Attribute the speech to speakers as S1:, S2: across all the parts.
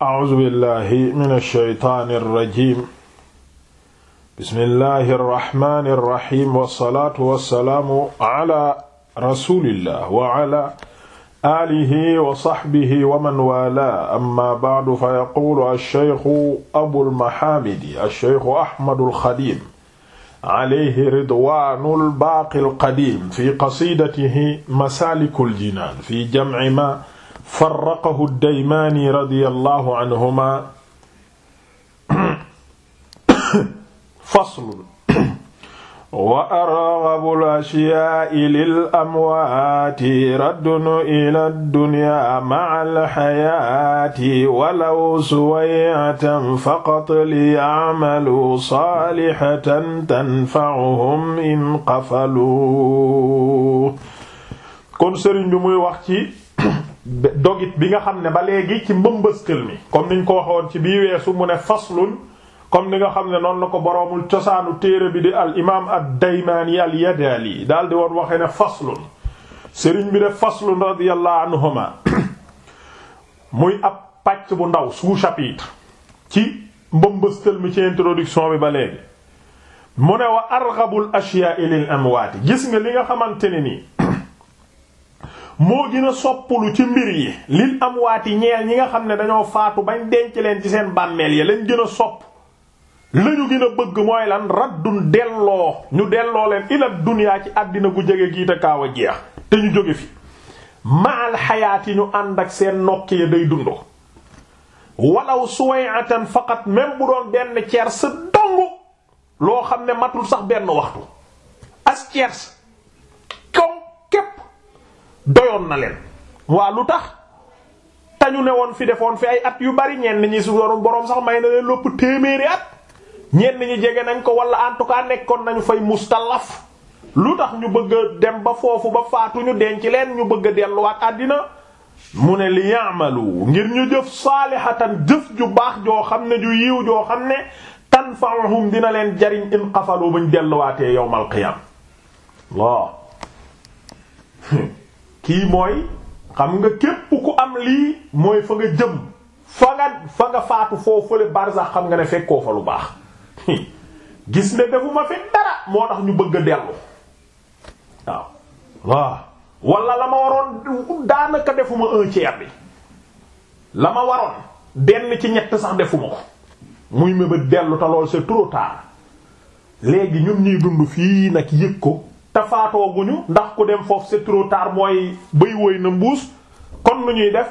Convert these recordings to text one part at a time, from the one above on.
S1: A'uuzu billaahi mina shaytaani rajiim. Bismillaahi rahmaani rahiim wasalaatu wasalaamu ala rasuulillah wa ala aalihi wa saxbihi wa man waalaahu amma ba'du fa yaquulu ash-shaykhu abul mahaamidi ash-shaykhu Ahmadul Xadiim alayhi ridwaanul baaqil qadiim fi qasiidatihi masaalikul jinaan fi jam'i maa. farraqahu ad-Daymaani radiyallahu anhuma faslu wa arghabu al-ashyaa'i lil-amwaati raddun ila ad-dunyaa ma'a al-hayaati walaw suway'atan faqat liya'malu saalihatan tanfa'uhum in qafalu kon sëriñ bi muy wax ci dogit bi nga xam ne ba léegi ci mbëmbëskël mi comme niñ ko waxoon ci bii weesu mu ne comme ni nga xam ne noonu la ko boroomul cosaanu téere bi di al imaam ad-Daymaani al Yadaali daal di woon waxee ne faslun sëriñ bi de faslun radiyallahu anhuma muy ab pàcc bu ndaw sous-chapitre ci mbëmbëskël mi ci introduction bi ba léegi mu ne wa arghabul ashyaa'i lil amwaati gis nga li nga xamante ne nii moo gën a soppulu ci mbir yi lil amwaati ñeel ñi nga xam ne dañoo faatu bañ denc leen ci seen bàmmeel yi lañ gën a sopp lañu gën a bëgg mooy lan raddun delloo ñu delloo leen ila duniyaa ci àddina gu jege gii te kaaw a jeex te ñu jóge fi maal xayaat yi ñu ànd ak seen nokki ya day dund walaw suwayatan faqat même bu doon benn ceer sa dong loo xam ne matul sax benn waxtu as ceers doyoon na leen waa lu tax tañu ne woon fi defoon fi ay at yu bari ñenn ñi su doon boroom sax may na leen lopp téeméeri at ñenn ñi jege nañ ko wala en tout cas nekkoon nañu fay mustallaf lu tax ñu bëgg dem ba foofu ba faatuñu denc leen ñu bëgg delluwaat àddina mu ne li yaamalu ngir ñu jëf saalihatan jëf ju baax joo xam ne ju yiw joo xam ne tan tanfa'uhum dina leen jariñ in qafalu buñ delluwaatee yawmal qiyaam kii mooy xam nga képp ku am lii mooy fa nga jëm fa nga faatu foo fële barsax xam nga ne fekkoo fa lu baax gis ne defuma fi dara moo tax ñu bëgg a dellu waaw waaw wala la ma waroon daanaka defuma un bi la ma waroon benn ci ñett sax defuma ko muy mébét dellu te lool c'est trop tard léegi ñun ñuy dund fii nag yëg ko te faatoo guñu ndax ku dem foofu c'est trop tard mooy bay woy na kon lu ñuy def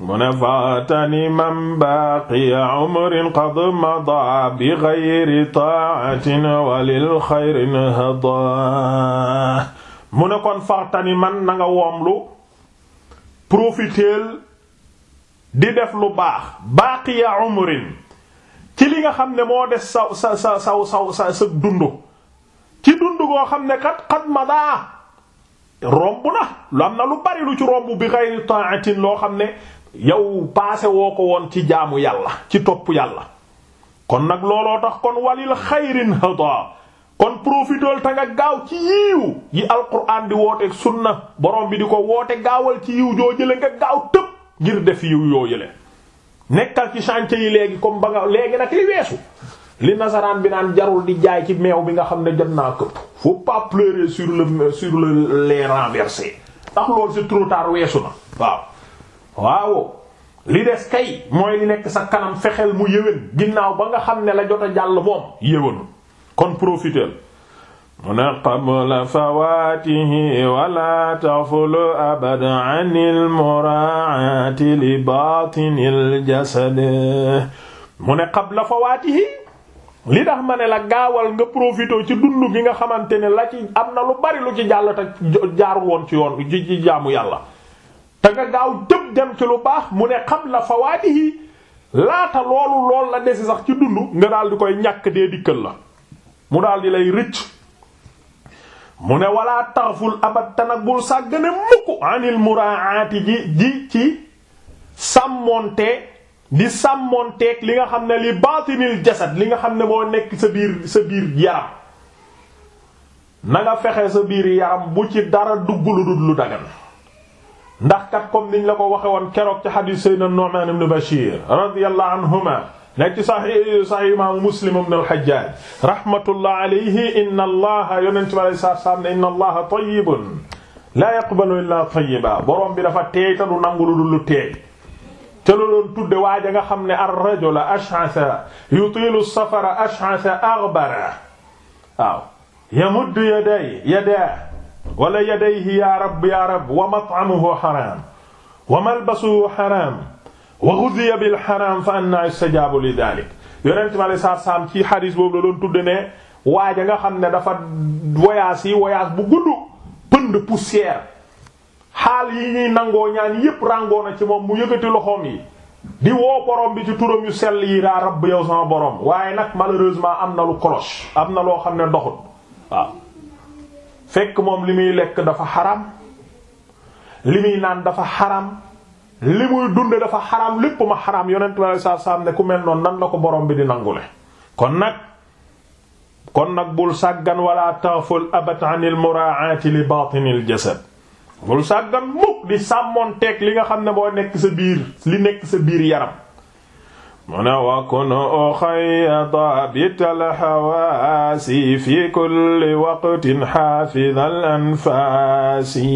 S1: mu ne faatani man baqiya umrin qad mada bi gayri taatin walil xayrin hada mu ne kon faatani man na nga woomlu profiteel di def lu baax baqiya umrin ci li nga xam ne moo des sa sa saw saw sa sa ci dund goo xam ne kat xat madaa romb na lu am na lu bari lu ci romb bi xayri ta'atin loo xam ne yow paase woo ko woon ci jaamu yàlla ci topp yàlla kon nag looloo tax kon walil xayrin hada kon profitool ta nga gaaw ci yiiw yi alquran di woote sunna borom bi di ko woote gaawal ci yiw joo jële nga gaaw tëb ngir def yiw yoo jële nekkal ci chantier yi léegi comme ba nga léegi nag li weesu li nasaraan bi naan jarul di jaay ci meew bi nga xam ne jot naa këpp faut pas pleurer sur le sur le lait renversé ndax loolu c'est trop weesu na waaw waaw li des kay mooy nekk sa kanam fexeel mu yëwén ginnaaw ba nga xam ne la jot a jàll moom yëwénu kon profiteel mu ne qabla fawatihi wala tafulu abad an il muraati li batinil mu ne qabla fawatihi li tax ma ne la gaawal nga profité ci dund gi nga xamante ne la ci am na lu bari lu ci jàll te jaarul woon ci yoon ci ci jaamu yàlla te nga gaaw jëp dem ci lu baax mu ne xam la fawaatihi laata loolu lool la desi sax ci dund nga daal di koy ñàkk dee dikkal la mu daal di lay rëcc mu ne walaa taxaful abat tanag bul sàggane mukk anil muraati ji ji ci sàmmoonte di sàmmoonteeg li nga xam ne li baatinil jasad li nga xam ne moo nekk sa biir sa biir yaram na nga fexe sa biir yaram bu ci dara dugg lu dul lu dagan ndax kat comme niñ la ko waxe woon keroog ci xadiis sayyidina Nu'man ibn Bashir radiyallahu anhuma nekk ci sahih sahih imam Muslim ibn al-Hajjaj rahmatullah alayhi inna allaha yonent bi alayhi salaam ne inna allaha tayyibun la yaqbalu illa tayyiba borom bi dafa teey te du nangu lu dul lu teey ca la doon tudde waaja nga xam ne ar-rajula ash'asa yutilu as-safara ash'asa aghbara waaw yamuddu yaday yadaa wala yadayhi ya rabb ya rabb wa mat'amuhu haram wa malbasuhu haram wa ghudhiya bil haram fa anna yastajabu li dhalik yonent mi alayhi salaatu salaam ci xadiis boobu la doon tudde ne waaja nga xam ne dafa voyage yi voyage bu gudd pënd poussière xaal yi ñuy nangoo ñaan yépp ràngoo na ci moom mu yëkkati loxoom yi di woo borom bi ci turam yu sell yi daa rabb yow sama borom waaye nag malheureusement am na lu kolos am na loo xam ne doxut waaw fekk moom li muy lekk dafa xaram li muy naan dafa xaram li muy dunde dafa xaram lépp ma xaram yonent bi alei satu ne ku mel noonu nan la ko borom bi di nangule kon nag kon nag bul sàggan wala taghful abat anil muraati li batinil jasad bul sàggan mukk di sàmmoonteeg li nga xam ne boo nekk sa biir li nekk sa biir yaram mu ne wakun oxayata bitalxawaasi fi kulli waqtin xaafidal anfaasi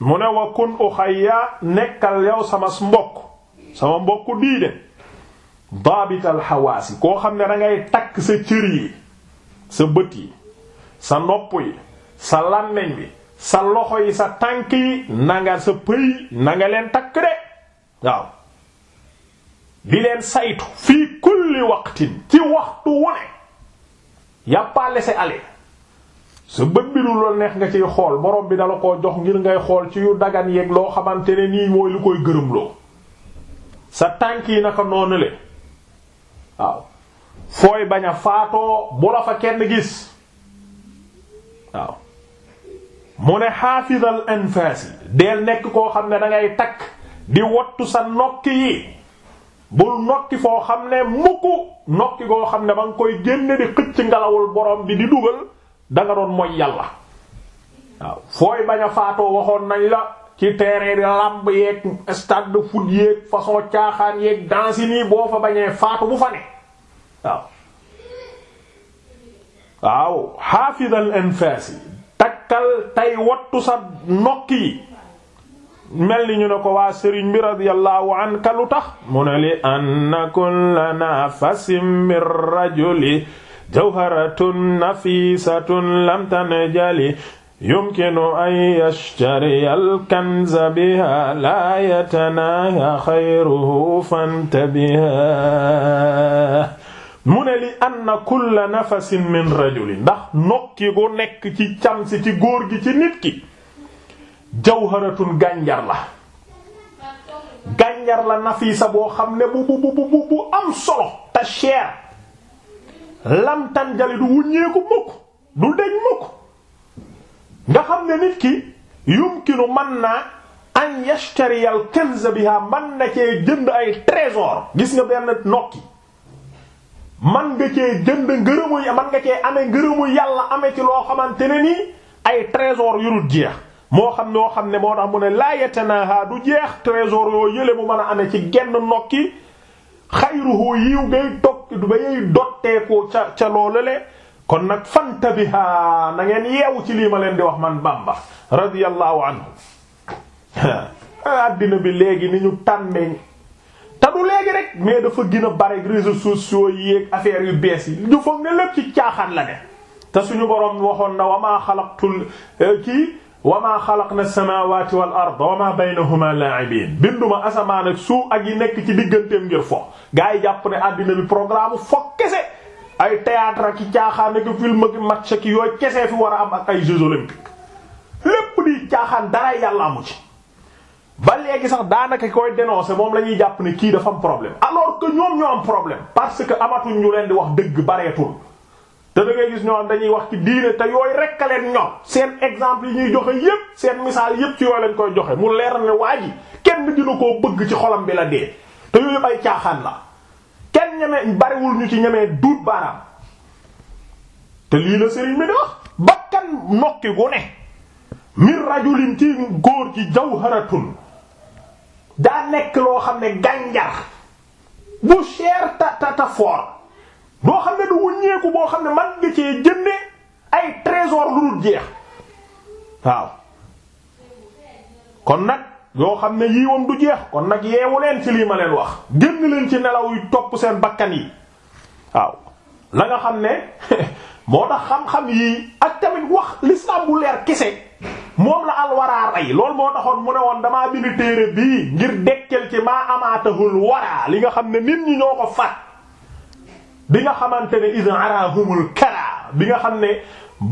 S1: mu ne wakun oxaya nekkal yow sama mbokk sama mbokk dii de daabital xawaasi koo xam ne da takk sa cër sa bët yi sa nopp yi sa làmmiñ bi sa loxo yi sa tànk yi na nga sa pëy na leen takk de waaw di leen saytu fii kulli waqtin ci waxtu wone y'a si laissé aller sa bët bi du la neex nga ciy xool boroom bi dala ko jox ngir ngay xool ci yu dagan yeeg loo xamante ne nii mooy lu koy gërëmloo sa tànk yi naka noonu le waaw fooy bañ a faatoo bu la fa kenn gis waaw mu ne xaafizal anfaasi deel nekk koo xam ne dangay takk di wattu sa nokki yi bul nokki foo xam ne mukk nokki koo xam ne ba nga koy génne di xëcc ngalawul borom bi di dugal da nga doon mooy yàlla waaw fooy bañ faatoo waxoon nañ la ci terrain di làmb yeeg stade de foot façon caaxaan yeeg danse nii boo fa bañee faatu bu fa ne waaw waaw xaafizal anfaasi gàkkal tey wattu sa nokk yi mel ni ñu ne ko waa sëriñ bi radiyallahu anka lu tax mu ne li anna kulla nafasin min rajuli jawharatun nafisatun lam tanjali yumkinu an yashtari alkanza biha la yatanaha xayruhu fantabiha mu ne li anna kulla nafasin min rajuli ndax nokki gu nekk ci cam ci góor gi ci nit ki jawharatun gànjar la gànjar la nafisa boo xam ne bu bu bu bu am solo te cher lam du wuññeeku mukk du deñ mukk nga xam ne nit ki yumkinu mën na an yashtari al kanza biha na cee jënd ay trésor gis nga benn nokki man nga cee jënd ngërëmu man nga cee amee ngërëmu yàlla amee ci loo xamante ne nii ay trésor yu dul jeex moo xam ne noo xam ne moo tax mu ne laayetanaaha du jeex trésor yoo yële mu mën a amee ci genn nokki xayruhu yiw ngay tokki du ba yey dotteekoo ca ca loolu le kon nag fantabiha na ngeen yeewu ci lii ma leen di wax man Bamba radiyallahu anhu addina bi léegi ni ñu tànnee te du léegi rek mais dafa gën a bare réseaux sociaux yi ak affaires yu bees yi ñu foog ne lépp ci caaxaan la ne te suñu boroom waxoon na wamaa xalaqtul eh, kii wamaa xalaqna samawati wal ard wamaa baynahuma la'ibin binduma asamaan su ak yi nekk ci digganteem ngir fo gaa yi jàpp ne àddina bi programme fo kese ay théâtre ak i caaxaan ak film ak match ak yooyu kese fi war a am ak ay jeux olympiques lépp di caaxaan dara yàlla amu ci ba léegi sax daanaka koy dénoncer moom la ñuy jàpp ni kii dafa am problème alors que ñoom ñoo am problème parce que amatuñ ñu leen di wax dëgg bareetul te da gis ñoo am dañuy wax ci diine te yooyu rekk a leen ñoom seen exemple yi ñuy joxe yépp seen misaal yépp ci yooyu lañ koy joxe mu leer ne waa ji kenn dina koo bëgg ci xolam bi la dee te yooyu yépp ay caaxaan la kenn ñemee bariwul ñu ci ñemee duut baaraam te lii la sëriñ bi di wax bakkan nokki gu ne min rajulin ci daa nekk loo xam ne gànjar bu cher ta loo xam ne du wuññeeku boo xam ne mag nga cee jënde ay trésor lu dul jeex waaw kon nag yoo xam ne yiiwam du jeex kon nag yeewu leen ci lii ma leen wax génn leen ci nelaw yu topp seen bakkan yi waaw la nga xam ne moo tax xam-xam yii ak tamit wax li bu leer kese moom la alwaraa rey lool moo taxoon mu ne woon damaa bind téere bii ngir dekkel ci maa amaatahul waraa li nga xam ne nit ñu ñoo ko faat bi nga xamante ne iza arahumul kara bi nga xam ne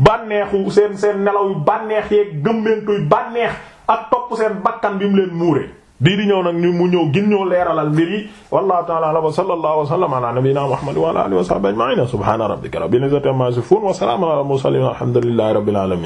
S1: bànneexu seen seen nelaw yu bànneex yeeg gëmmentu yu bànneex ak topp seen bakkan bi mu leen muure bii di ñëw nag ñu mu ñëw gin ñoo leeralal mbir yi wallahu ta'ala a'lam wa sallallahu wa sallama alhamdulillahi rabbil alamin